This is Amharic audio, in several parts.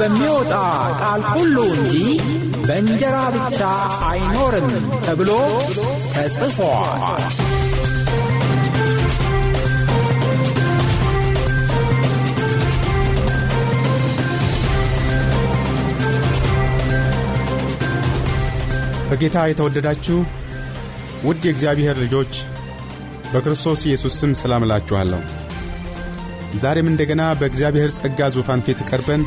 በሚወጣ ቃል ሁሉ እንጂ በእንጀራ ብቻ አይኖርም ተብሎ ተጽፏል። በጌታ የተወደዳችሁ ውድ የእግዚአብሔር ልጆች በክርስቶስ ኢየሱስ ስም ሰላም እላችኋለሁ። ዛሬም እንደገና በእግዚአብሔር ጸጋ ዙፋን ፊት ቀርበን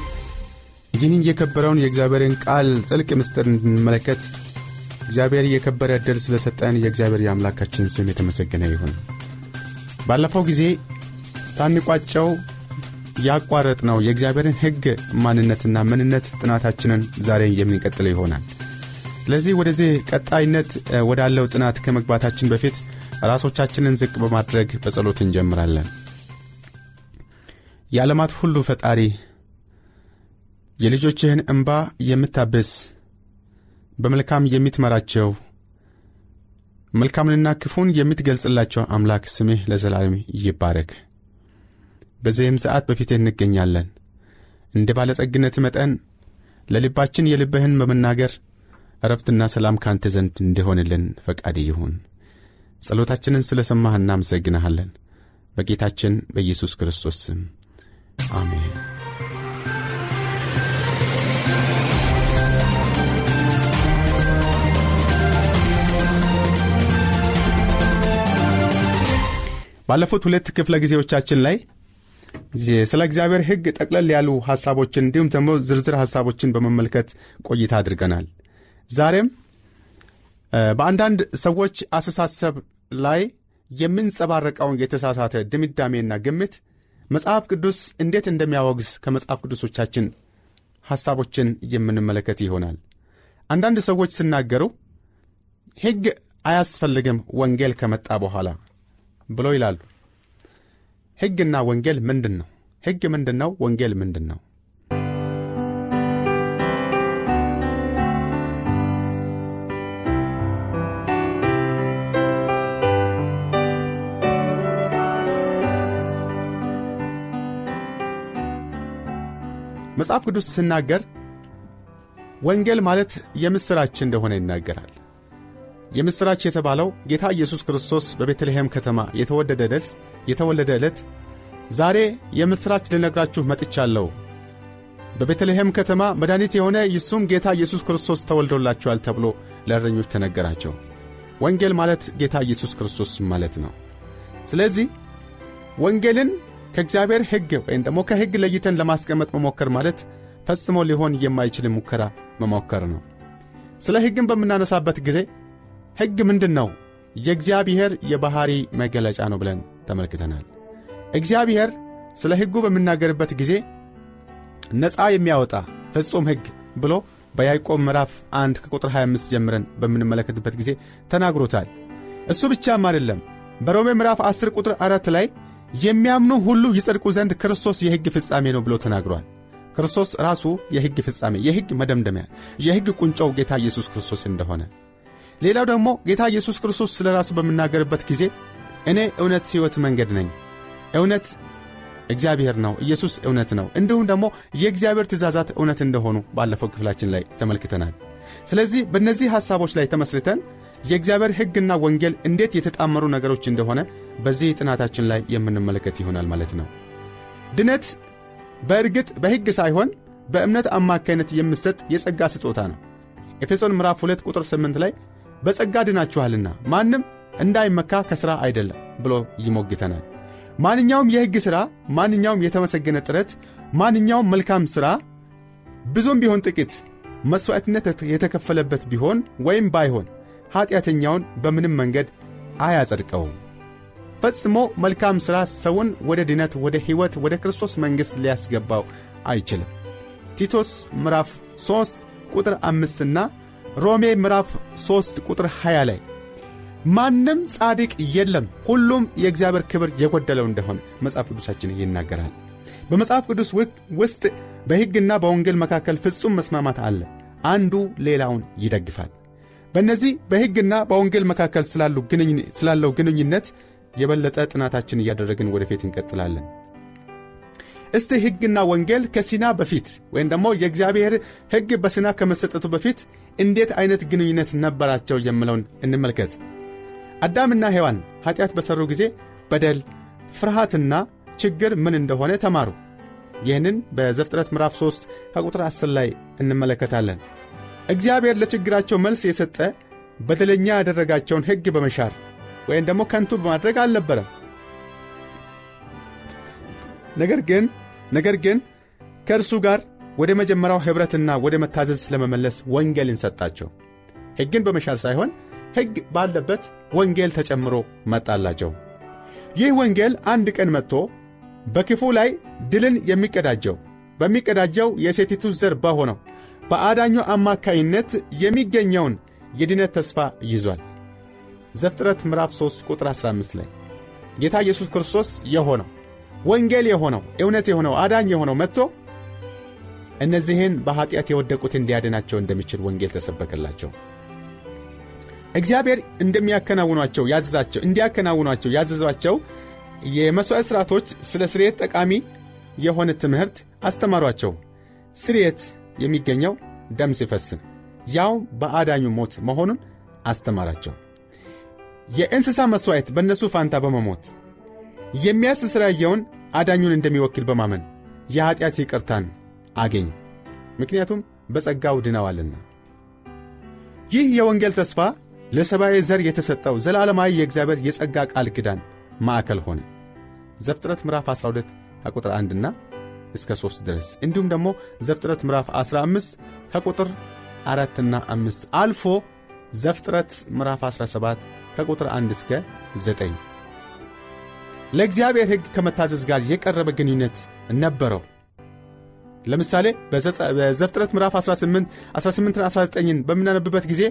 ይህንን የከበረውን የእግዚአብሔርን ቃል ጥልቅ ምስጢር እንድንመለከት እግዚአብሔር የከበረ ስለ ሰጠን የእግዚአብሔር የአምላካችን ስም የተመሰገነ ይሁን ባለፈው ጊዜ ሳንቋጨው ያቋረጥ ነው የእግዚአብሔርን ሕግ ማንነትና ምንነት ጥናታችንን ዛሬ የምንቀጥል ይሆናል ስለዚህ ወደዚህ ቀጣይነት ወዳለው ጥናት ከመግባታችን በፊት ራሶቻችንን ዝቅ በማድረግ በጸሎት እንጀምራለን የዓለማት ሁሉ ፈጣሪ የልጆችህን እንባ የምታብስ በመልካም የምትመራቸው መልካምንና ክፉን የምትገልጽላቸው አምላክ ስምህ ለዘላለም ይባረክ። በዚህም ሰዓት በፊት እንገኛለን። እንደ ባለጸግነት መጠን ለልባችን የልብህን በመናገር እረፍትና ሰላም ካንተ ዘንድ እንዲሆንልን ፈቃድ ይሁን። ጸሎታችንን ስለ ሰማህ እናመሰግንሃለን። በጌታችን በኢየሱስ ክርስቶስ ስም አሜን። ባለፉት ሁለት ክፍለ ጊዜዎቻችን ላይ ስለ እግዚአብሔር ሕግ ጠቅለል ያሉ ሐሳቦችን እንዲሁም ደግሞ ዝርዝር ሐሳቦችን በመመልከት ቆይታ አድርገናል። ዛሬም በአንዳንድ ሰዎች አስተሳሰብ ላይ የምንጸባረቀውን የተሳሳተ ድምዳሜና ግምት መጽሐፍ ቅዱስ እንዴት እንደሚያወግዝ ከመጽሐፍ ቅዱሶቻችን ሐሳቦችን የምንመለከት ይሆናል። አንዳንድ ሰዎች ሲናገሩ ሕግ አያስፈልግም ወንጌል ከመጣ በኋላ ብሎ ይላሉ። ሕግና ወንጌል ምንድን ነው? ሕግ ምንድን ነው? ወንጌል ምንድን ነው? መጽሐፍ ቅዱስ ስናገር ወንጌል ማለት የምሥራች እንደሆነ ይናገራል። የምሥራች የተባለው ጌታ ኢየሱስ ክርስቶስ በቤተልሔም ከተማ የተወደደ ዕለት የተወለደ ዕለት ዛሬ የምሥራች ልነግራችሁ መጥቻለሁ። በቤተልሔም ከተማ መድኃኒት የሆነ ይሱም ጌታ ኢየሱስ ክርስቶስ ተወልዶላችኋል ተብሎ ለእረኞች ተነገራቸው። ወንጌል ማለት ጌታ ኢየሱስ ክርስቶስ ማለት ነው። ስለዚህ ወንጌልን ከእግዚአብሔር ሕግ ወይም ደግሞ ከሕግ ለይተን ለማስቀመጥ መሞከር ማለት ፈጽሞ ሊሆን የማይችል ሙከራ መሞከር ነው። ስለ ሕግን በምናነሳበት ጊዜ ሕግ ምንድን ነው? የእግዚአብሔር የባሕሪ መገለጫ ነው ብለን ተመልክተናል። እግዚአብሔር ስለ ሕጉ በምናገርበት ጊዜ ነፃ የሚያወጣ ፍጹም ሕግ ብሎ በያዕቆብ ምዕራፍ 1 ከቁጥር 25 ጀምረን በምንመለከትበት ጊዜ ተናግሮታል። እሱ ብቻም አይደለም። በሮሜ ምዕራፍ 10 ቁጥር 4 ላይ የሚያምኑ ሁሉ ይጸድቁ ዘንድ ክርስቶስ የሕግ ፍጻሜ ነው ብሎ ተናግሯል። ክርስቶስ ራሱ የሕግ ፍጻሜ፣ የሕግ መደምደሚያ፣ የሕግ ቁንጮው ጌታ ኢየሱስ ክርስቶስ እንደሆነ ሌላው ደግሞ ጌታ ኢየሱስ ክርስቶስ ስለ ራሱ በምናገርበት ጊዜ እኔ እውነት ሕይወት መንገድ ነኝ፣ እውነት እግዚአብሔር ነው፣ ኢየሱስ እውነት ነው፣ እንዲሁም ደግሞ የእግዚአብሔር ትእዛዛት እውነት እንደሆኑ ባለፈው ክፍላችን ላይ ተመልክተናል። ስለዚህ በእነዚህ ሐሳቦች ላይ ተመስርተን የእግዚአብሔር ሕግና ወንጌል እንዴት የተጣመሩ ነገሮች እንደሆነ በዚህ ጥናታችን ላይ የምንመለከት ይሆናል ማለት ነው። ድነት በእርግጥ በሕግ ሳይሆን በእምነት አማካይነት የምሰጥ የጸጋ ስጦታ ነው። ኤፌሶን ምዕራፍ 2 ቁጥር 8 ላይ በጸጋ ድናችኋልና ማንም እንዳይመካ ከሥራ አይደለም ብሎ ይሞግተናል። ማንኛውም የሕግ ሥራ፣ ማንኛውም የተመሰገነ ጥረት፣ ማንኛውም መልካም ሥራ ብዙም ቢሆን ጥቂት መሥዋዕትነት የተከፈለበት ቢሆን ወይም ባይሆን ኀጢአተኛውን በምንም መንገድ አያጸድቀውም። ፈጽሞ መልካም ሥራ ሰውን ወደ ድነት፣ ወደ ሕይወት፣ ወደ ክርስቶስ መንግሥት ሊያስገባው አይችልም። ቲቶስ ምዕራፍ 3 ቁጥር አምስትና ሮሜ ምዕራፍ 3 ቁጥር 20 ላይ ማንም ጻድቅ የለም ሁሉም የእግዚአብሔር ክብር የጎደለው እንደሆነ መጽሐፍ ቅዱሳችን ይናገራል። በመጽሐፍ ቅዱስ ውስጥ በሕግና በወንጌል መካከል ፍጹም መስማማት አለ። አንዱ ሌላውን ይደግፋል። በእነዚህ በሕግና በወንጌል መካከል ስላለው ግንኙነት የበለጠ ጥናታችን እያደረግን ወደፊት እንቀጥላለን። እስቲ ሕግና ወንጌል ከሲና በፊት ወይም ደግሞ የእግዚአብሔር ሕግ በሲና ከመሰጠቱ በፊት እንዴት አይነት ግንኙነት ነበራቸው የምለውን እንመልከት። አዳምና ሔዋን ኀጢአት በሠሩ ጊዜ በደል፣ ፍርሃትና ችግር ምን እንደሆነ ተማሩ። ይህንን በዘፍጥረት ምዕራፍ 3 ከቁጥር 10 ላይ እንመለከታለን። እግዚአብሔር ለችግራቸው መልስ የሰጠ በደለኛ ያደረጋቸውን ሕግ በመሻር ወይም ደግሞ ከንቱ በማድረግ አልነበረም። ነገር ግን ነገር ግን ከእርሱ ጋር ወደ መጀመሪያው ኅብረትና ወደ መታዘዝ ለመመለስ ወንጌልን ሰጣቸው። ሕግን በመሻር ሳይሆን ሕግ ባለበት ወንጌል ተጨምሮ መጣላቸው። ይህ ወንጌል አንድ ቀን መጥቶ በክፉ ላይ ድልን የሚቀዳጀው በሚቀዳጀው የሴቲቱ ዘር በሆነው በአዳኙ አማካይነት የሚገኘውን የድነት ተስፋ ይዟል። ዘፍጥረት ምዕራፍ 3 ቁጥር 15 ላይ ጌታ ኢየሱስ ክርስቶስ የሆነው ወንጌል የሆነው እውነት የሆነው አዳኝ የሆነው መጥቶ እነዚህን በኀጢአት የወደቁትን ሊያድናቸው እንደሚችል ወንጌል ተሰበከላቸው። እግዚአብሔር እንደሚያከናውኗቸው ያዘዛቸው እንዲያከናውኗቸው ያዘዛቸው የመሥዋዕት ሥርዓቶች ስለ ስርየት ጠቃሚ የሆነ ትምህርት አስተማሯቸው። ስርየት የሚገኘው ደም ሲፈስም ያው በአዳኙ ሞት መሆኑን አስተማራቸው። የእንስሳ መሥዋዕት በእነሱ ፋንታ በመሞት የሚያስተሰርየውን አዳኙን እንደሚወክል በማመን የኀጢአት ይቅርታን አገኝ። ምክንያቱም በጸጋው ድነዋልና። ይህ የወንጌል ተስፋ ለሰብአዊ ዘር የተሰጠው ዘላለማዊ የእግዚአብሔር የጸጋ ቃል ኪዳን ማዕከል ሆነ። ዘፍጥረት ምዕራፍ 12 ከቁጥር 1 እና እስከ 3 ድረስ እንዲሁም ደግሞ ዘፍጥረት ምዕራፍ 15 ከቁጥር 4 እና 5 አልፎ ዘፍጥረት ምዕራፍ 17 ከቁጥር 1 እስከ 9 ለእግዚአብሔር ሕግ ከመታዘዝ ጋር የቀረበ ግንኙነት ነበረው። ለምሳሌ በዘፍጥረት ምዕራፍ 18 18 19ን በምናነብበት ጊዜ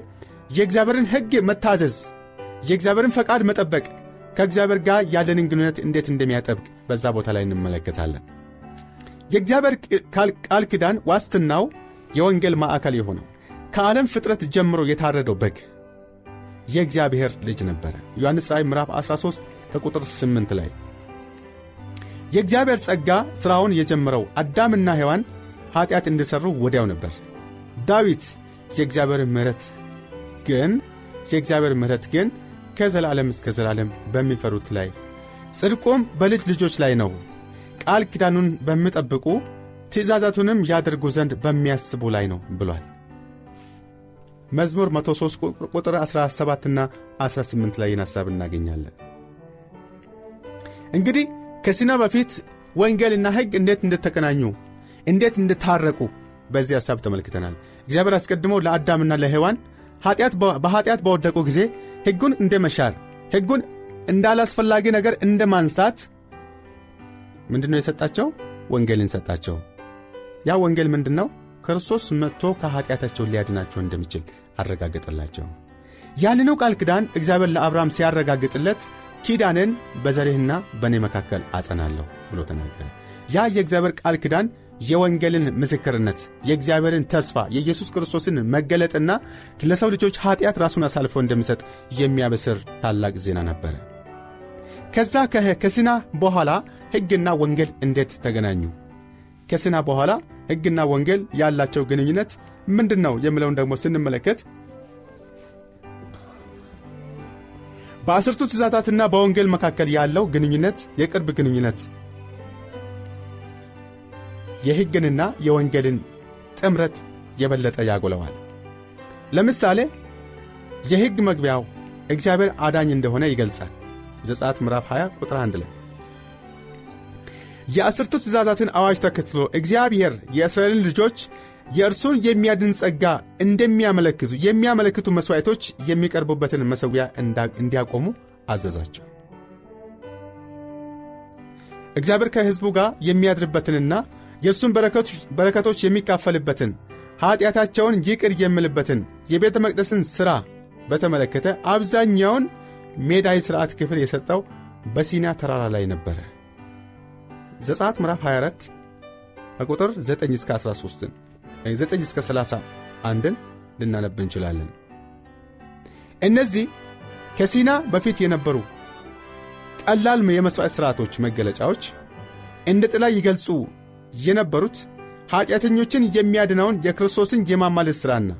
የእግዚአብሔርን ሕግ መታዘዝ፣ የእግዚአብሔርን ፈቃድ መጠበቅ ከእግዚአብሔር ጋር ያለንን ግንኙነት እንዴት እንደሚያጠብቅ በዛ ቦታ ላይ እንመለከታለን። የእግዚአብሔር ቃል ኪዳን ዋስትናው የወንጌል ማዕከል የሆነው ከዓለም ፍጥረት ጀምሮ የታረደው በግ የእግዚአብሔር ልጅ ነበረ። ዮሐንስ ራይ ምዕራፍ 13 ከቁጥር 8 ላይ የእግዚአብሔር ጸጋ ሥራውን የጀመረው አዳምና ሔዋን ኀጢአት እንደሠሩ ወዲያው ነበር። ዳዊት የእግዚአብሔር ምሕረት ግን የእግዚአብሔር ምሕረት ግን ከዘላለም እስከ ዘላለም በሚፈሩት ላይ ጽድቁም በልጅ ልጆች ላይ ነው ቃል ኪዳኑን በሚጠብቁ ትእዛዛቱንም ያደርጉ ዘንድ በሚያስቡ ላይ ነው ብሏል። መዝሙር 103 ቁጥር 17 እና 18 ላይ ይህን ሐሳብ እናገኛለን። እንግዲህ ከሲና በፊት ወንጌልና ሕግ እንዴት እንደተገናኙ እንዴት እንደታረቁ በዚህ ሐሳብ ተመልክተናል። እግዚአብሔር አስቀድሞ ለአዳምና ለሔዋን በኃጢአት በወደቁ ጊዜ ሕጉን እንደ መሻር ሕጉን እንዳላስፈላጊ ነገር እንደ ማንሳት ምንድን ነው የሰጣቸው? ወንጌልን ሰጣቸው። ያ ወንጌል ምንድን ነው? ክርስቶስ መጥቶ ከኀጢአታቸው ሊያድናቸው እንደሚችል አረጋገጠላቸው። ያልነው ቃል ኪዳን እግዚአብሔር ለአብርሃም ሲያረጋግጥለት ኪዳንን በዘርህና በእኔ መካከል አጸናለሁ ብሎ ተናገረ። ያ የእግዚአብሔር ቃል ኪዳን የወንጌልን ምስክርነት፣ የእግዚአብሔርን ተስፋ፣ የኢየሱስ ክርስቶስን መገለጥና ለሰው ልጆች ኀጢአት ራሱን አሳልፎ እንደሚሰጥ የሚያበስር ታላቅ ዜና ነበረ። ከዛ ከሲና በኋላ ሕግና ወንጌል እንዴት ተገናኙ? ከሲና በኋላ ሕግና ወንጌል ያላቸው ግንኙነት ምንድን ነው የሚለውን ደግሞ ስንመለከት በአስርቱ ትእዛታትና በወንጌል መካከል ያለው ግንኙነት የቅርብ ግንኙነት የሕግንና የወንጌልን ጥምረት የበለጠ ያጎለዋል። ለምሳሌ የሕግ መግቢያው እግዚአብሔር አዳኝ እንደሆነ ይገልጻል። ዘጸአት ምዕራፍ 20 ቁጥር 1 ላይ የአስርቱ ትእዛዛትን አዋጅ ተከትሎ እግዚአብሔር የእስራኤልን ልጆች የእርሱን የሚያድን ጸጋ እንደሚያመለክቱ የሚያመለክቱ መሥዋዕቶች የሚቀርቡበትን መሠዊያ እንዲያቆሙ አዘዛቸው። እግዚአብሔር ከሕዝቡ ጋር የሚያድርበትንና የእርሱን በረከቶች የሚካፈልበትን ኀጢአታቸውን ይቅር የምልበትን የቤተ መቅደስን ሥራ በተመለከተ አብዛኛውን ሜዳዊ ሥርዓት ክፍል የሰጠው በሲና ተራራ ላይ ነበረ። ዘጸአት ምዕራፍ 24 ከቁጥር 9 እስከ 13 9 እስከ 30 አንድን ልናነብ እንችላለን። እነዚህ ከሲና በፊት የነበሩ ቀላል የመሥዋዕት ሥርዓቶች መገለጫዎች እንደ ጥላ ይገልጹ የነበሩት ኀጢአተኞችን የሚያድናውን የክርስቶስን የማማለስ ሥራና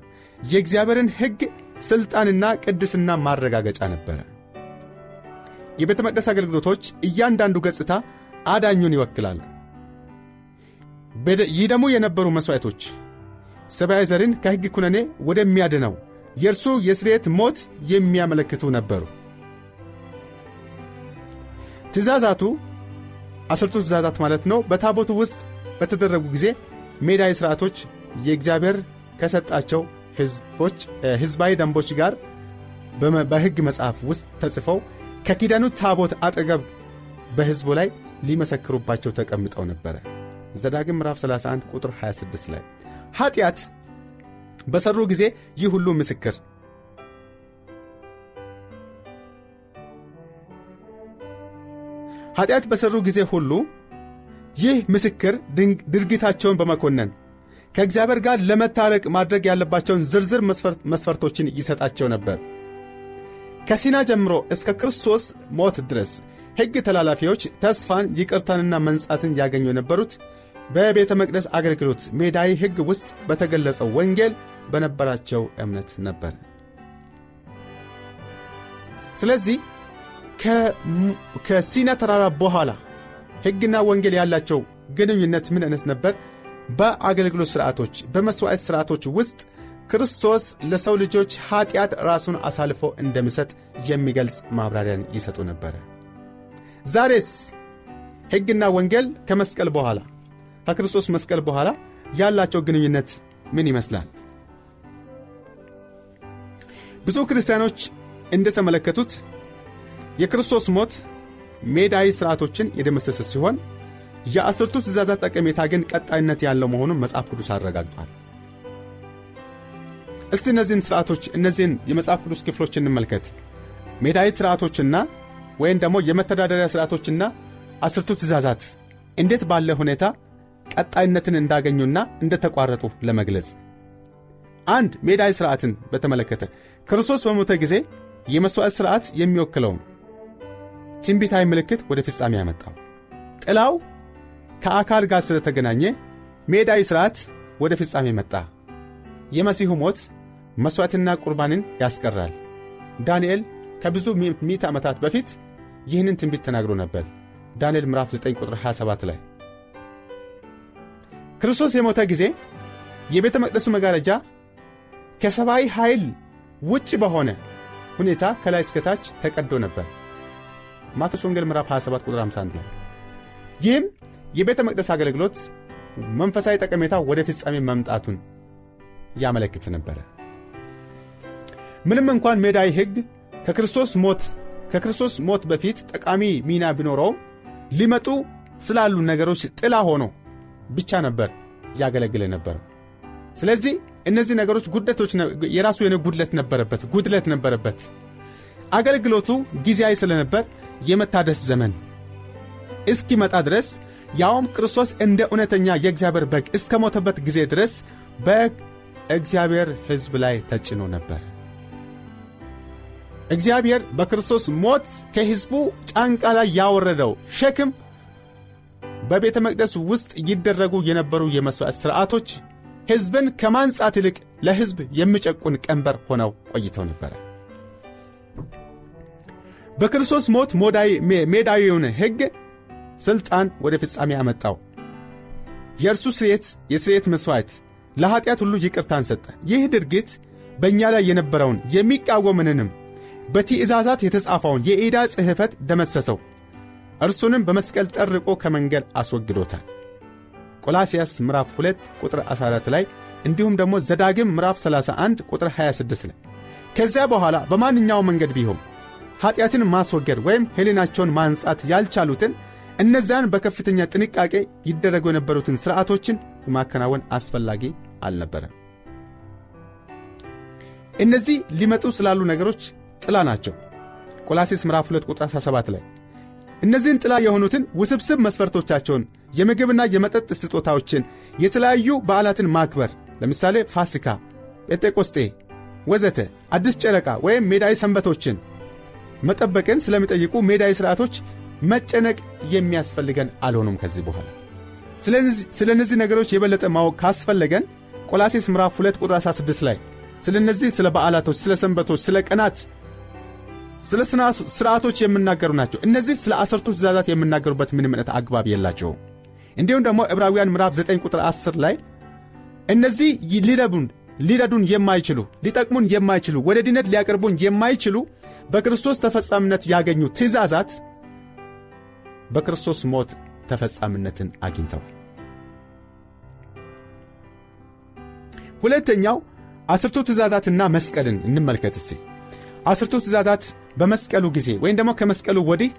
የእግዚአብሔርን ሕግ ሥልጣንና ቅድስና ማረጋገጫ ነበረ። የቤተ መቅደስ አገልግሎቶች እያንዳንዱ ገጽታ አዳኙን ይወክላሉ። ይደሙ የነበሩ መሥዋዕቶች ሰብአዊ ዘርን ከሕግ ኩነኔ ወደሚያድነው የእርሱ የስርየት ሞት የሚያመለክቱ ነበሩ። ትእዛዛቱ አስርቱ ትእዛዛት ማለት ነው። በታቦቱ ውስጥ በተደረጉ ጊዜ ሜዳዊ ሥርዓቶች የእግዚአብሔር ከሰጣቸው ሕዝባዊ ደንቦች ጋር በሕግ መጽሐፍ ውስጥ ተጽፈው ከኪዳኑ ታቦት አጠገብ በሕዝቡ ላይ ሊመሰክሩባቸው ተቀምጠው ነበረ። ዘዳግም ምዕራፍ 31 ቁጥር 26 ላይ ኃጢአት በሠሩ ጊዜ ይህ ሁሉ ምስክር ኃጢአት በሠሩ ጊዜ ሁሉ ይህ ምስክር ድርጊታቸውን በመኮነን ከእግዚአብሔር ጋር ለመታረቅ ማድረግ ያለባቸውን ዝርዝር መስፈርቶችን ይሰጣቸው ነበር። ከሲና ጀምሮ እስከ ክርስቶስ ሞት ድረስ ሕግ ተላላፊዎች ተስፋን ይቅርታንና መንጻትን ያገኙ የነበሩት በቤተ መቅደስ አገልግሎት ሜዳዊ ሕግ ውስጥ በተገለጸው ወንጌል በነበራቸው እምነት ነበር። ስለዚህ ከሲና ተራራ በኋላ ሕግና ወንጌል ያላቸው ግንኙነት ምን አይነት ነበር? በአገልግሎት ሥርዓቶች፣ በመሥዋዕት ሥርዓቶች ውስጥ ክርስቶስ ለሰው ልጆች ኀጢአት ራሱን አሳልፎ እንደሚሰጥ የሚገልጽ ማብራሪያን ይሰጡ ነበረ። ዛሬስ ሕግና ወንጌል ከመስቀል በኋላ ከክርስቶስ መስቀል በኋላ ያላቸው ግንኙነት ምን ይመስላል? ብዙ ክርስቲያኖች እንደተመለከቱት የክርስቶስ ሞት ሜዳዊ ሥርዓቶችን የደመሰሰ ሲሆን የአስርቱ ትእዛዛት ጠቀሜታ ግን ቀጣይነት ያለው መሆኑን መጽሐፍ ቅዱስ አረጋግጧል። እስቲ እነዚህን ሥርዓቶች እነዚህን የመጽሐፍ ቅዱስ ክፍሎች እንመልከት። ሜዳዊ ሥርዓቶችና ወይም ደግሞ የመተዳደሪያ ስርዓቶችና አስርቱ ትእዛዛት እንዴት ባለ ሁኔታ ቀጣይነትን እንዳገኙና እንደተቋረጡ ለመግለጽ አንድ ሜዳዊ ሥርዓትን በተመለከተ ክርስቶስ በሞተ ጊዜ የመሥዋዕት ሥርዓት የሚወክለውን ትንቢታዊ ምልክት ወደ ፍጻሜ ያመጣው ጥላው ከአካል ጋር ስለተገናኘ ሜዳዊ ሥርዓት ወደ ፍጻሜ መጣ። የመሲሁ ሞት መሥዋዕትና ቁርባንን ያስቀራል። ዳንኤል ከብዙ ሚት ዓመታት በፊት ይህንን ትንቢት ተናግሮ ነበር። ዳንኤል ምዕራፍ 9 ቁጥር 27 ላይ ክርስቶስ የሞተ ጊዜ የቤተ መቅደሱ መጋረጃ ከሰብአዊ ኃይል ውጭ በሆነ ሁኔታ ከላይ እስከታች ተቀዶ ነበር። ማቴዎስ ወንጌል ምዕራፍ 27 ቁጥር 51 ይህም የቤተ መቅደስ አገልግሎት መንፈሳዊ ጠቀሜታ ወደ ፍጻሜ መምጣቱን ያመለክት ነበረ። ምንም እንኳን ሜዳዊ ሕግ ከክርስቶስ ሞት ከክርስቶስ ሞት በፊት ጠቃሚ ሚና ቢኖረውም ሊመጡ ስላሉ ነገሮች ጥላ ሆኖ ብቻ ነበር እያገለግለ ነበር። ስለዚህ እነዚህ ነገሮች ጉድለቶች፣ የራሱ የሆነ ጉድለት ነበረበት ጉድለት ነበረበት። አገልግሎቱ ጊዜያዊ ስለነበር የመታደስ ዘመን እስኪመጣ ድረስ ያውም ክርስቶስ እንደ እውነተኛ የእግዚአብሔር በግ እስከ ሞተበት ጊዜ ድረስ በግ እግዚአብሔር ሕዝብ ላይ ተጭኖ ነበር። እግዚአብሔር በክርስቶስ ሞት ከሕዝቡ ጫንቃ ላይ ያወረደው ሸክም በቤተ መቅደስ ውስጥ ይደረጉ የነበሩ የመሥዋዕት ሥርዓቶች ሕዝብን ከማንጻት ይልቅ ለሕዝብ የሚጨቁን ቀንበር ሆነው ቆይተው ነበረ። በክርስቶስ ሞት ሜዳዊውን ሕግ ሥልጣን ወደ ፍጻሜ አመጣው። የእርሱ ስርየት የስርየት መሥዋዕት ለኀጢአት ሁሉ ይቅርታን ሰጠ። ይህ ድርጊት በእኛ ላይ የነበረውን የሚቃወምንንም በትእዛዛት የተጻፈውን የኤዳ ጽሕፈት ደመሰሰው፣ እርሱንም በመስቀል ጠርቆ ከመንገድ አስወግዶታል። ቆላስያስ ምዕራፍ 2 ቁጥር 14 ላይ እንዲሁም ደግሞ ዘዳግም ምዕራፍ 31 ቁጥር 26 ላይ ከዚያ በኋላ በማንኛውም መንገድ ቢሆን ኀጢአትን ማስወገድ ወይም ሄሌናቸውን ማንጻት ያልቻሉትን እነዚያን በከፍተኛ ጥንቃቄ ይደረጉ የነበሩትን ሥርዓቶችን ማከናወን አስፈላጊ አልነበረም። እነዚህ ሊመጡ ስላሉ ነገሮች ጥላ ናቸው። ቆላሴስ ምዕራፍ 2 ቁጥር 17 ላይ እነዚህን ጥላ የሆኑትን ውስብስብ መስፈርቶቻቸውን የምግብና የመጠጥ ስጦታዎችን፣ የተለያዩ በዓላትን ማክበር ለምሳሌ ፋሲካ፣ ጴንጤቆስጤ ወዘተ አዲስ ጨረቃ ወይም ሜዳዊ ሰንበቶችን መጠበቅን ስለሚጠይቁ ሜዳዊ ሥርዓቶች መጨነቅ የሚያስፈልገን አልሆኑም ከዚህ በኋላ። ስለ እነዚህ ነገሮች የበለጠ ማወቅ ካስፈለገን ቆላሴስ ምዕራፍ 2 ቁጥር 16 ላይ ስለ እነዚህ ስለ በዓላቶች፣ ስለ ሰንበቶች፣ ስለ ቀናት ስለ ስርዓቶች የምናገሩ ናቸው። እነዚህ ስለ አሰርቱ ትእዛዛት የምናገሩበት ምንም አይነት አግባብ የላቸውም። እንዲሁም ደግሞ ዕብራውያን ምዕራፍ 9 ቁጥር 10 ላይ እነዚህ ሊረዱን ሊረዱን የማይችሉ ሊጠቅሙን የማይችሉ ወደ ድነት ሊያቀርቡን የማይችሉ በክርስቶስ ተፈጻሚነት ያገኙ ትእዛዛት በክርስቶስ ሞት ተፈጻሚነትን አግኝተዋል። ሁለተኛው አስርቱ ትእዛዛትና መስቀልን እንመልከት እስኪ። አስርቱ ትእዛዛት በመስቀሉ ጊዜ ወይም ደግሞ ከመስቀሉ ወዲህ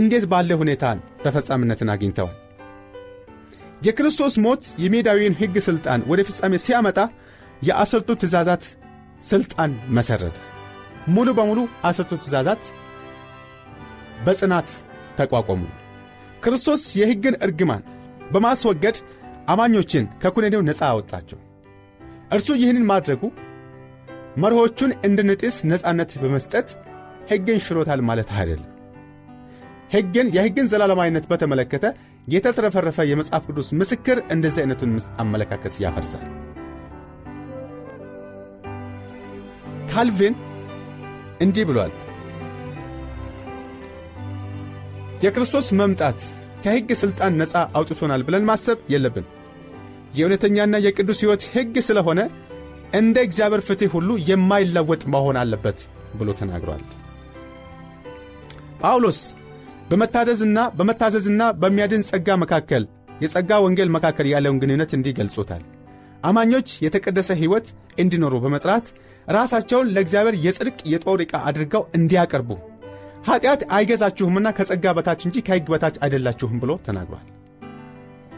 እንዴት ባለ ሁኔታ ተፈጻሚነትን አግኝተዋል። የክርስቶስ ሞት የሜዳዊውን ሕግ ሥልጣን ወደ ፍጻሜ ሲያመጣ የአስርቱ ትእዛዛት ሥልጣን መሠረተ። ሙሉ በሙሉ አስርቱ ትእዛዛት በጽናት ተቋቋሙ። ክርስቶስ የሕግን እርግማን በማስወገድ አማኞችን ከኩነኔው ነፃ አወጣቸው። እርሱ ይህንን ማድረጉ መርሆቹን እንድንጥስ ነፃነት በመስጠት ሕግን ሽሮታል ማለት አይደለም። ሕግን የሕግን ዘላለማዊነት በተመለከተ የተትረፈረፈ የመጽሐፍ ቅዱስ ምስክር እንደዚህ አይነቱን አመለካከት ያፈርሳል። ካልቪን እንዲህ ብሏል። የክርስቶስ መምጣት ከሕግ ሥልጣን ነፃ አውጥቶናል ብለን ማሰብ የለብን። የእውነተኛና የቅዱስ ሕይወት ሕግ ስለሆነ እንደ እግዚአብሔር ፍትሕ ሁሉ የማይለወጥ መሆን አለበት ብሎ ተናግሯል። ጳውሎስ በመታዘዝና በመታዘዝና በሚያድን ጸጋ መካከል የጸጋ ወንጌል መካከል ያለውን ግንኙነት እንዲህ ገልጾታል። አማኞች የተቀደሰ ሕይወት እንዲኖሩ በመጥራት ራሳቸውን ለእግዚአብሔር የጽድቅ የጦር ዕቃ አድርገው እንዲያቀርቡ ኀጢአት አይገዛችሁምና ከጸጋ በታች እንጂ ከሕግ በታች አይደላችሁም ብሎ ተናግሯል።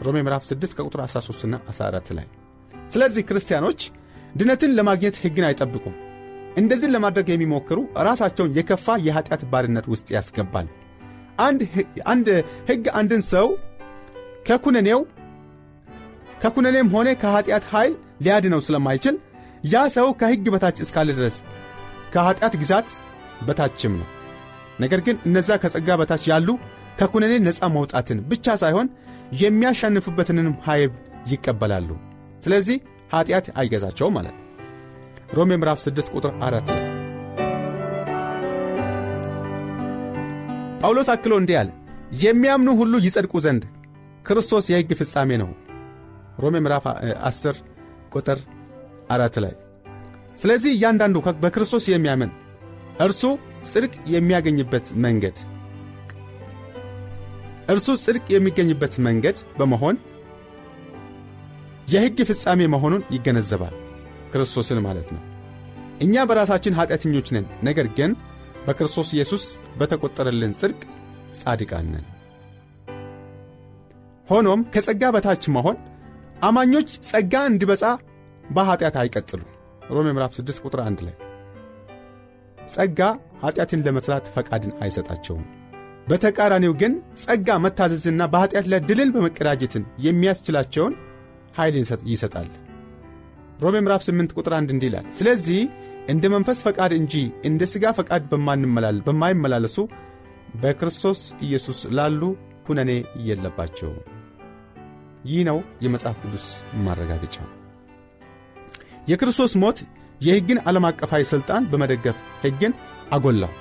ሮሜ ምዕራፍ 6 ከቁጥር 13ና 14 ላይ። ስለዚህ ክርስቲያኖች ድነትን ለማግኘት ሕግን አይጠብቁም። እንደዚህን ለማድረግ የሚሞክሩ ራሳቸውን የከፋ የኃጢአት ባርነት ውስጥ ያስገባል። አንድ ሕግ አንድን ሰው ከኩነኔው ከኩነኔም ሆነ ከኃጢአት ኃይል ሊያድነው ስለማይችል ያ ሰው ከሕግ በታች እስካለ ድረስ ከኃጢአት ግዛት በታችም ነው። ነገር ግን እነዛ ከጸጋ በታች ያሉ ከኩነኔ ነፃ መውጣትን ብቻ ሳይሆን የሚያሸንፉበትንም ኃይብ ይቀበላሉ። ስለዚህ ኃጢአት አይገዛቸውም ማለት ነው። ሮሜ ምዕራፍ 6 ቁጥር 4 ላይ። ጳውሎስ አክሎ እንዲህ አለ፣ የሚያምኑ ሁሉ ይጸድቁ ዘንድ ክርስቶስ የሕግ ፍጻሜ ነው። ሮሜ ምዕራፍ 10 ቁጥር 4 ላይ። ስለዚህ እያንዳንዱ በክርስቶስ የሚያምን እርሱ ጽድቅ የሚያገኝበት መንገድ እርሱ ጽድቅ የሚገኝበት መንገድ በመሆን የሕግ ፍጻሜ መሆኑን ይገነዘባል። ክርስቶስን ማለት ነው። እኛ በራሳችን ኀጢአተኞች ነን፣ ነገር ግን በክርስቶስ ኢየሱስ በተቆጠረልን ጽድቅ ጻድቃን ነን። ሆኖም ከጸጋ በታች መሆን አማኞች ጸጋ እንዲበጻ በኀጢአት አይቀጥሉ። ሮሜ ምዕራፍ 6 ቁጥር 1 ላይ ጸጋ ኀጢአትን ለመሥራት ፈቃድን አይሰጣቸውም። በተቃራኒው ግን ጸጋ መታዘዝና በኀጢአት ላይ ድልን በመቀዳጀትን የሚያስችላቸውን ኃይልን ይሰጣል። ሮሜ ምዕራፍ 8 ቁጥር 1 እንዲህ ይላል፣ ስለዚህ እንደ መንፈስ ፈቃድ እንጂ እንደ ሥጋ ፈቃድ በማይመላለሱ በክርስቶስ ኢየሱስ ላሉ ሁነኔ የለባቸው። ይህ ነው የመጽሐፍ ቅዱስ ማረጋገጫ። የክርስቶስ ሞት የሕግን ዓለም አቀፋዊ ሥልጣን በመደገፍ ሕግን አጎላው።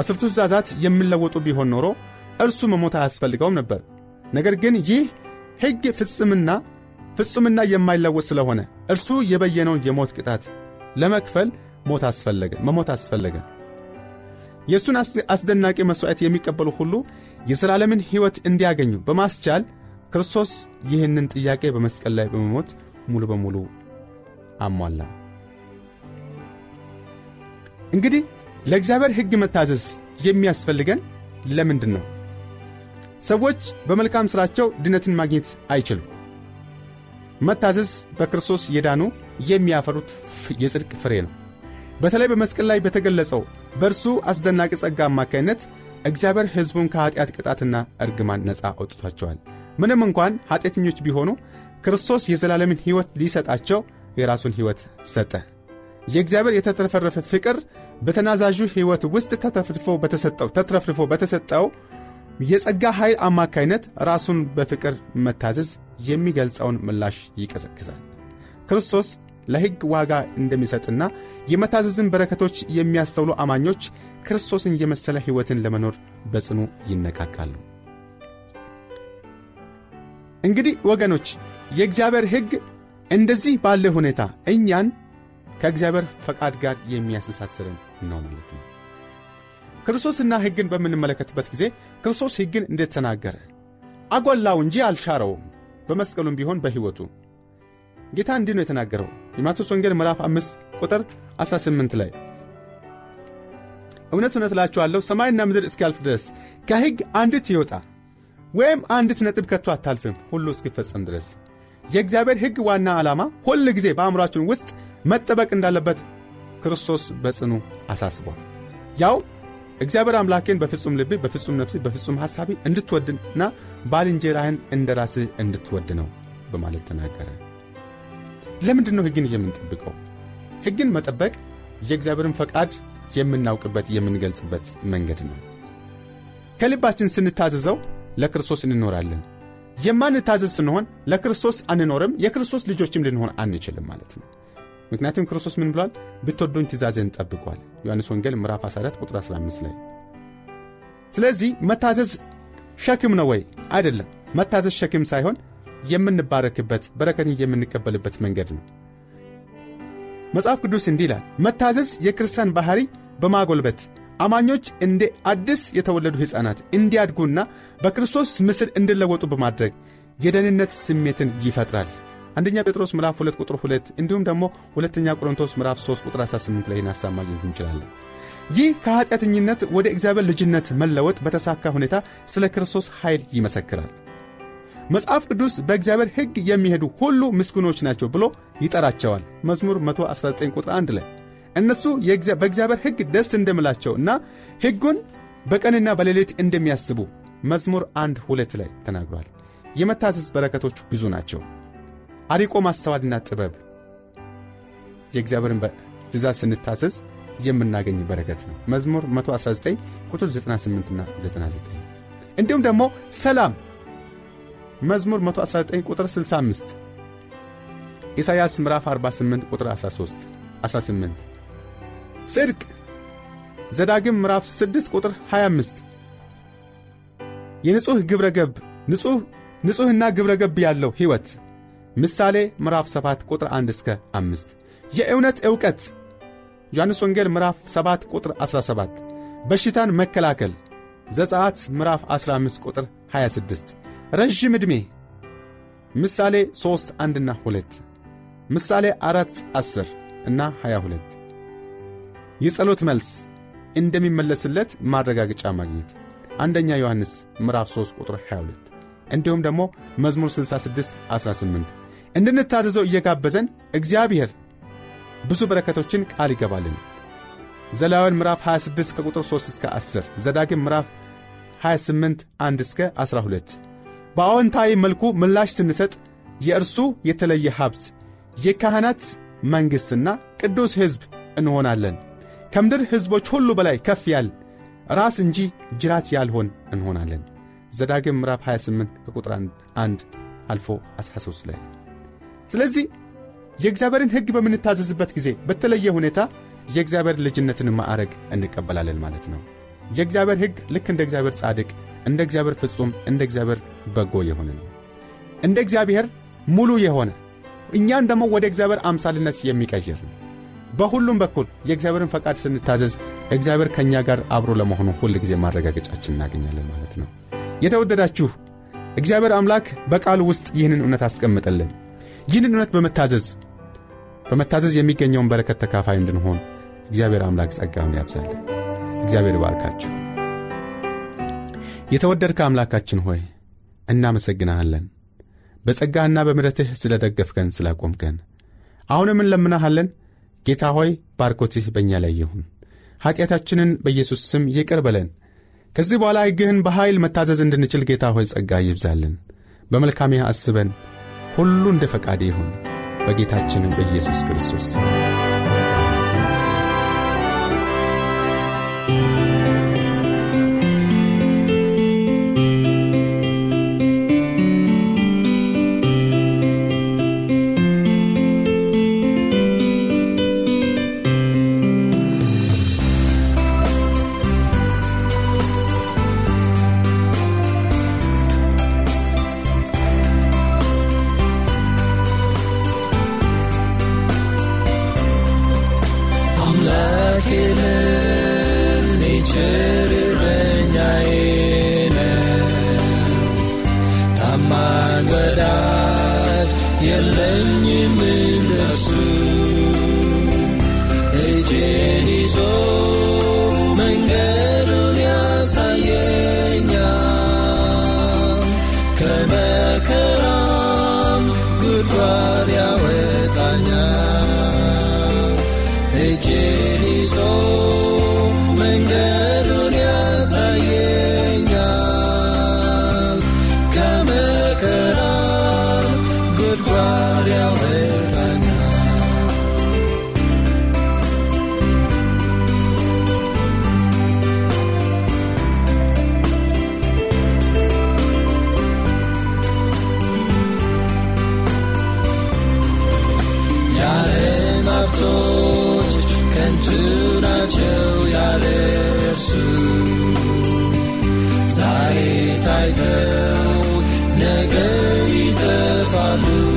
አስርቱ ትእዛዛት የሚለወጡ ቢሆን ኖሮ እርሱ መሞት አያስፈልገውም ነበር። ነገር ግን ይህ ሕግ ፍጽምና ፍጹምና የማይለወጥ ስለሆነ እርሱ የበየነውን የሞት ቅጣት ለመክፈል ሞት አስፈለገ መሞት አስፈለገ። የእሱን አስደናቂ መሥዋዕት የሚቀበሉ ሁሉ የዘላለምን ሕይወት እንዲያገኙ በማስቻል ክርስቶስ ይህንን ጥያቄ በመስቀል ላይ በመሞት ሙሉ በሙሉ አሟላ። እንግዲህ ለእግዚአብሔር ሕግ መታዘዝ የሚያስፈልገን ለምንድን ነው? ሰዎች በመልካም ሥራቸው ድነትን ማግኘት አይችሉም። መታዘዝ በክርስቶስ የዳኑ የሚያፈሩት የጽድቅ ፍሬ ነው። በተለይ በመስቀል ላይ በተገለጸው በእርሱ አስደናቂ ጸጋ አማካይነት እግዚአብሔር ሕዝቡን ከኀጢአት ቅጣትና እርግማን ነፃ አውጥቷቸዋል። ምንም እንኳን ኀጢአተኞች ቢሆኑ ክርስቶስ የዘላለምን ሕይወት ሊሰጣቸው የራሱን ሕይወት ሰጠ። የእግዚአብሔር የተትረፈረፈ ፍቅር በተናዛዡ ሕይወት ውስጥ ተትረፍርፎ በተሰጠው ተትረፍርፎ በተሰጠው የጸጋ ኃይል አማካይነት ራሱን በፍቅር መታዘዝ የሚገልጸውን ምላሽ ይቀሰቅሳል። ክርስቶስ ለሕግ ዋጋ እንደሚሰጥና የመታዘዝን በረከቶች የሚያስተውሉ አማኞች ክርስቶስን የመሰለ ሕይወትን ለመኖር በጽኑ ይነቃቃሉ። እንግዲህ ወገኖች የእግዚአብሔር ሕግ እንደዚህ ባለ ሁኔታ እኛን ከእግዚአብሔር ፈቃድ ጋር የሚያስተሳስርን ነው ማለት ነው። ክርስቶስና ሕግን በምንመለከትበት ጊዜ ክርስቶስ ሕግን እንዴት ተናገረ? አጎላው እንጂ አልሻረውም። በመስቀሉም ቢሆን በሕይወቱ ጌታ እንዲህ ነው የተናገረው። የማቴዎስ ወንጌል ምዕራፍ 5 ቁጥር 18 ላይ እውነት እውነት እላችኋለሁ ሰማይና ምድር እስኪያልፍ ድረስ ከሕግ አንዲት ይወጣ ወይም አንዲት ነጥብ ከቶ አታልፍም ሁሉ እስኪፈጸም ድረስ። የእግዚአብሔር ሕግ ዋና ዓላማ ሁል ጊዜ በአእምሯችን ውስጥ መጠበቅ እንዳለበት ክርስቶስ በጽኑ አሳስቧል። ያው እግዚአብሔር አምላኬን በፍጹም ልቤ በፍጹም ነፍሴ በፍጹም ሐሳቢ እንድትወድና ባልንጀራህን እንደ ራስህ እንድትወድ ነው በማለት ተናገረ። ለምንድን ነው ሕግን የምንጠብቀው? ሕግን መጠበቅ የእግዚአብሔርን ፈቃድ የምናውቅበት የምንገልጽበት መንገድ ነው። ከልባችን ስንታዘዘው ለክርስቶስ እንኖራለን። የማንታዘዝ ስንሆን ለክርስቶስ አንኖርም፣ የክርስቶስ ልጆችም ልንሆን አንችልም ማለት ነው። ምክንያቱም ክርስቶስ ምን ብሏል? ብትወዱኝ ትእዛዜን ጠብቋል። ዮሐንስ ወንጌል ምዕራፍ 14 ቁጥር 15 ላይ። ስለዚህ መታዘዝ ሸክም ነው ወይ? አይደለም። መታዘዝ ሸክም ሳይሆን የምንባረክበት በረከትን የምንቀበልበት መንገድ ነው። መጽሐፍ ቅዱስ እንዲህ ይላል፣ መታዘዝ የክርስቲያን ባህሪ በማጎልበት አማኞች እንደ አዲስ የተወለዱ ሕፃናት እንዲያድጉና በክርስቶስ ምስል እንድለወጡ በማድረግ የደህንነት ስሜትን ይፈጥራል። አንደኛ ጴጥሮስ ምዕራፍ 2 ቁጥር 2 እንዲሁም ደግሞ ሁለተኛ ቆሮንቶስ ምዕራፍ 3 ቁጥር 18 ላይ ሐሳብ ማግኘት እንችላለን። ይህ ከኃጢአተኝነት ወደ እግዚአብሔር ልጅነት መለወጥ በተሳካ ሁኔታ ስለ ክርስቶስ ኃይል ይመሰክራል። መጽሐፍ ቅዱስ በእግዚአብሔር ሕግ የሚሄዱ ሁሉ ምስጉኖች ናቸው ብሎ ይጠራቸዋል። መዝሙር 119 ቁጥር 1 ላይ እነሱ በእግዚአብሔር ሕግ ደስ እንደምላቸው እና ሕጉን በቀንና በሌሊት እንደሚያስቡ መዝሙር 1 ሁለት ላይ ተናግሯል። የመታዘዝ በረከቶች ብዙ ናቸው። አሪቆ ማስተዋልና ጥበብ የእግዚአብሔርን ትእዛዝ ስንታስዝ የምናገኝ በረከት ነው። መዝሙር 119 ቁጥር 98ና 99 እንዲሁም ደግሞ ሰላም መዝሙር 119 ቁጥር 65 ኢሳይያስ ምዕራፍ 48 ቁጥር 13 18 ጽድቅ ዘዳግም ምዕራፍ 6 ቁጥር 25 የንጹሕ ግብረ ገብ ንጹሕና ግብረ ገብ ያለው ሕይወት ምሳሌ ምዕራፍ 7 ቁጥር 1 እስከ 5 የእውነት ዕውቀት ዮሐንስ ወንጌል ምዕራፍ 7 ቁጥር 17 በሽታን መከላከል ዘጸአት ምዕራፍ 15 ቁጥር 26 ረዥም ዕድሜ ምሳሌ 3 1 ና 2 ምሳሌ 4 10 እና 22 የጸሎት መልስ እንደሚመለስለት ማረጋገጫ ማግኘት አንደኛ ዮሐንስ ምዕራፍ 3 ቁጥር 22 እንዲሁም ደግሞ መዝሙር 66 18 እንድንታዘዘው እየጋበዘን እግዚአብሔር ብዙ በረከቶችን ቃል ይገባልን። ዘሌዋውያን ምዕራፍ 26 ከቁጥር 3 እስከ 10፣ ዘዳግም ምዕራፍ 28 1 እስከ 12። በአዎንታዊ መልኩ ምላሽ ስንሰጥ የእርሱ የተለየ ሀብት የካህናት መንግሥትና ቅዱስ ሕዝብ እንሆናለን። ከምድር ሕዝቦች ሁሉ በላይ ከፍ ያል ራስ እንጂ ጅራት ያልሆን እንሆናለን። ዘዳግም ምዕራፍ 28 ከቁጥር 1 አልፎ 13 ላይ ስለዚህ የእግዚአብሔርን ሕግ በምንታዘዝበት ጊዜ በተለየ ሁኔታ የእግዚአብሔር ልጅነትን ማዕረግ እንቀበላለን ማለት ነው። የእግዚአብሔር ሕግ ልክ እንደ እግዚአብሔር ጻድቅ፣ እንደ እግዚአብሔር ፍጹም፣ እንደ እግዚአብሔር በጎ የሆነ ነው። እንደ እግዚአብሔር ሙሉ የሆነ እኛን ደግሞ ወደ እግዚአብሔር አምሳልነት የሚቀይር ነው። በሁሉም በኩል የእግዚአብሔርን ፈቃድ ስንታዘዝ እግዚአብሔር ከእኛ ጋር አብሮ ለመሆኑ ሁል ጊዜ ማረጋገጫችን እናገኛለን ማለት ነው። የተወደዳችሁ እግዚአብሔር አምላክ በቃሉ ውስጥ ይህንን እውነት አስቀምጠልን። ይህንን እውነት በመታዘዝ በመታዘዝ የሚገኘውን በረከት ተካፋይ እንድንሆን እግዚአብሔር አምላክ ጸጋውን ያብዛል። እግዚአብሔር ባርካችሁ የተወደድከ አምላካችን ሆይ እናመሰግናሃለን። በጸጋህና በምረትህ ስለ ደገፍከን ስላቆምከን፣ አሁንም እንለምናሃለን። ጌታ ሆይ ባርኮትህ በእኛ ላይ ይሁን። ኀጢአታችንን በኢየሱስ ስም ይቅር በለን። ከዚህ በኋላ ሕግህን በኀይል መታዘዝ እንድንችል ጌታ ሆይ ጸጋ ይብዛልን። በመልካሜ አስበን ሁሉ እንደ ፈቃድ ይሁን በጌታችንም በኢየሱስ ክርስቶስ If I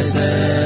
Blessed